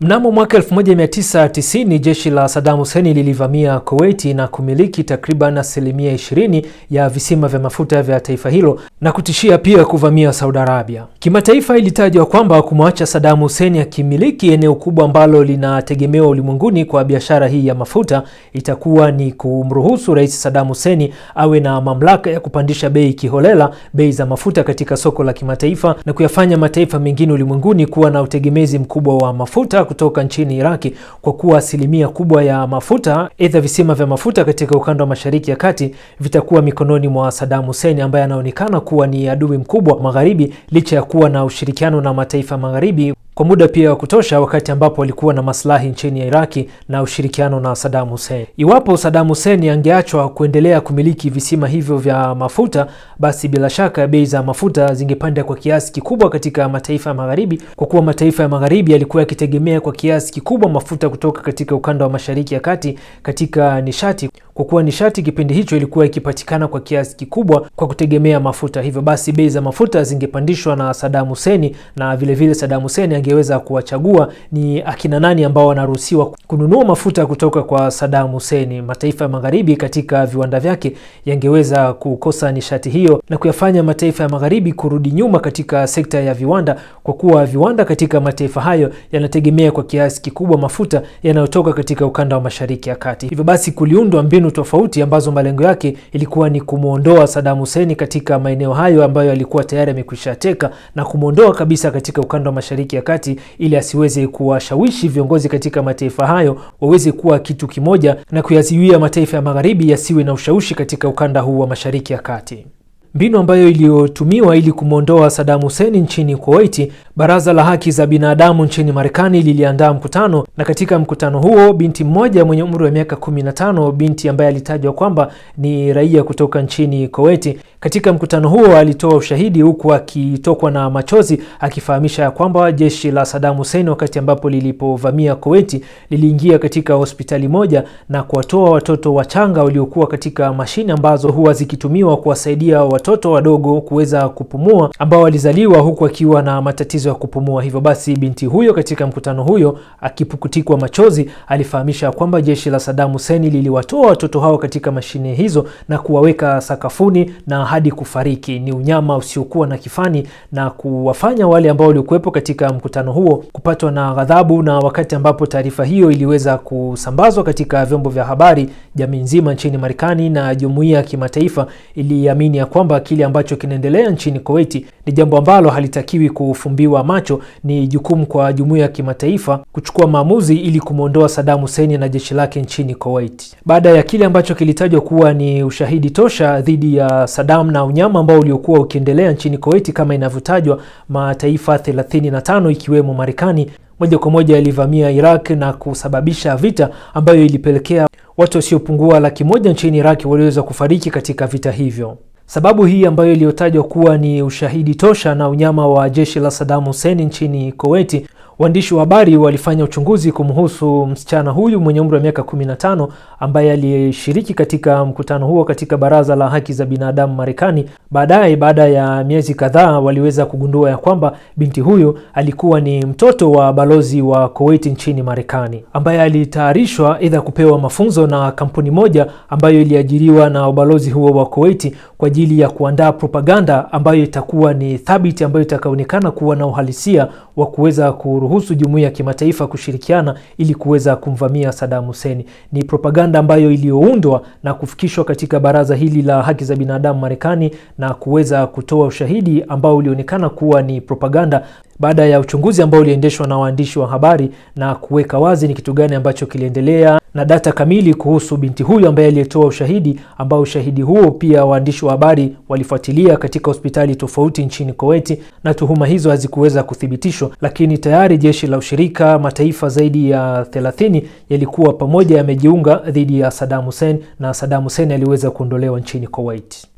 Mnamo mwaka 1990 jeshi la Saddam Hussein lilivamia Kuwaiti na kumiliki takriban asilimia 20 ya visima vya mafuta vya taifa hilo na kutishia pia kuvamia Saudi Arabia. Kimataifa, ilitajwa kwamba kumwacha Saddam Hussein akimiliki eneo kubwa ambalo linategemewa ulimwenguni kwa biashara hii ya mafuta itakuwa ni kumruhusu Rais Saddam Hussein awe na mamlaka ya kupandisha bei kiholela bei za mafuta katika soko la kimataifa na kuyafanya mataifa mengine ulimwenguni kuwa na utegemezi mkubwa wa mafuta kutoka nchini Iraki kwa kuwa asilimia kubwa ya mafuta, aidha visima vya mafuta katika ukanda wa Mashariki ya Kati vitakuwa mikononi mwa Saddam Hussein ambaye anaonekana kuwa ni adui mkubwa magharibi, licha ya kuwa na ushirikiano na mataifa magharibi kwa muda pia wa kutosha, wakati ambapo walikuwa na maslahi nchini ya Iraki na ushirikiano na Saddam Hussein. Iwapo Saddam Hussein angeachwa kuendelea kumiliki visima hivyo vya mafuta, basi bila shaka bei za mafuta zingepanda kwa kiasi kikubwa katika mataifa ya magharibi, kwa kuwa mataifa ya magharibi yalikuwa yakitegemea kwa kiasi kikubwa mafuta kutoka katika ukanda wa Mashariki ya Kati katika nishati kwa kuwa nishati kipindi hicho ilikuwa ikipatikana kwa kiasi kikubwa kwa kutegemea mafuta. Hivyo basi bei za mafuta zingepandishwa na Saddam Hussein, na vilevile vile Saddam Hussein angeweza kuwachagua ni akina nani ambao wanaruhusiwa kununua mafuta kutoka kwa Saddam Hussein. Mataifa ya magharibi katika viwanda vyake yangeweza kukosa nishati hiyo na kuyafanya mataifa ya magharibi kurudi nyuma katika sekta ya viwanda, kwa kuwa viwanda katika mataifa hayo yanategemea kwa kiasi kikubwa mafuta yanayotoka katika ukanda wa Mashariki ya Kati. Hivyo basi kuliundwa mbinu mbinu tofauti ambazo malengo yake ilikuwa ni kumwondoa Saddam Hussein katika maeneo hayo ambayo alikuwa tayari amekwishateka na kumwondoa kabisa katika ukanda wa Mashariki ya Kati ili asiweze kuwashawishi viongozi katika mataifa hayo waweze kuwa kitu kimoja na kuyaziwia mataifa ya Magharibi yasiwe na ushawishi katika ukanda huu wa Mashariki ya Kati mbinu ambayo iliyotumiwa ili kumwondoa Saddam Hussein nchini Kuwait, Baraza la haki za binadamu nchini Marekani liliandaa mkutano, na katika mkutano huo binti mmoja mwenye umri wa miaka 15, binti ambaye alitajwa kwamba ni raia kutoka nchini Kuwait, katika mkutano huo alitoa ushahidi huku akitokwa na machozi, akifahamisha ya kwamba jeshi la Saddam Hussein wakati ambapo lilipovamia Kuwait liliingia katika hospitali moja na kuwatoa watoto wachanga waliokuwa katika mashine ambazo huwa zikitumiwa kuwasaidia watoto watoto wadogo kuweza kupumua ambao walizaliwa huku akiwa na matatizo ya kupumua. Hivyo basi binti huyo katika mkutano huyo akipukutikwa machozi alifahamisha kwamba jeshi la Saddam Hussein liliwatoa watoto hao katika mashine hizo na kuwaweka sakafuni na hadi kufariki. Ni unyama usiokuwa na kifani na kuwafanya wale ambao waliokuwepo katika mkutano huo kupatwa na ghadhabu. Na wakati ambapo taarifa hiyo iliweza kusambazwa katika vyombo vya habari, jamii nzima nchini Marekani na jumuiya ya kimataifa iliamini ya kwamba kwamba kile ambacho kinaendelea nchini koweti ni jambo ambalo halitakiwi kufumbiwa macho. Ni jukumu kwa jumuiya ya kimataifa kuchukua maamuzi ili kumwondoa sadam huseni na jeshi lake nchini Kuwait, baada ya kile ambacho kilitajwa kuwa ni ushahidi tosha dhidi ya sadam na unyama ambao uliokuwa ukiendelea nchini koweti Kama inavyotajwa, mataifa 35 ikiwemo Marekani moja kwa moja yalivamia Iraq na kusababisha vita ambayo ilipelekea watu wasiopungua laki moja nchini Iraq waliweza kufariki katika vita hivyo. Sababu hii ambayo iliyotajwa kuwa ni ushahidi tosha na unyama wa jeshi la Saddam Hussein nchini Kuwait Waandishi wa habari walifanya uchunguzi kumhusu msichana huyu mwenye umri wa miaka 15 ambaye alishiriki katika mkutano huo katika Baraza la Haki za Binadamu Marekani. Baadaye, baada ya miezi kadhaa, waliweza kugundua ya kwamba binti huyu alikuwa ni mtoto wa balozi wa Kuwait nchini Marekani, ambaye alitayarishwa aidha kupewa mafunzo na kampuni moja ambayo iliajiriwa na ubalozi huo wa Kuwait kwa ajili ya kuandaa propaganda ambayo itakuwa ni thabiti, ambayo itakaonekana kuwa na uhalisia wa kuweza kuruhusu jumuiya ya kimataifa kushirikiana ili kuweza kumvamia Saddam Hussein. Ni propaganda ambayo iliyoundwa na kufikishwa katika baraza hili la haki za binadamu Marekani na kuweza kutoa ushahidi ambao ulionekana kuwa ni propaganda baada ya uchunguzi ambao uliendeshwa na waandishi wa habari na kuweka wazi ni kitu gani ambacho kiliendelea na data kamili kuhusu binti huyu ambaye aliyetoa ushahidi, ambao ushahidi huo pia waandishi wa habari walifuatilia katika hospitali tofauti nchini Kuwait, na tuhuma hizo hazikuweza kuthibitishwa, lakini tayari jeshi la ushirika mataifa zaidi ya 30 yalikuwa pamoja yamejiunga dhidi ya Saddam Hussein na Saddam Hussein aliweza kuondolewa nchini Kuwait.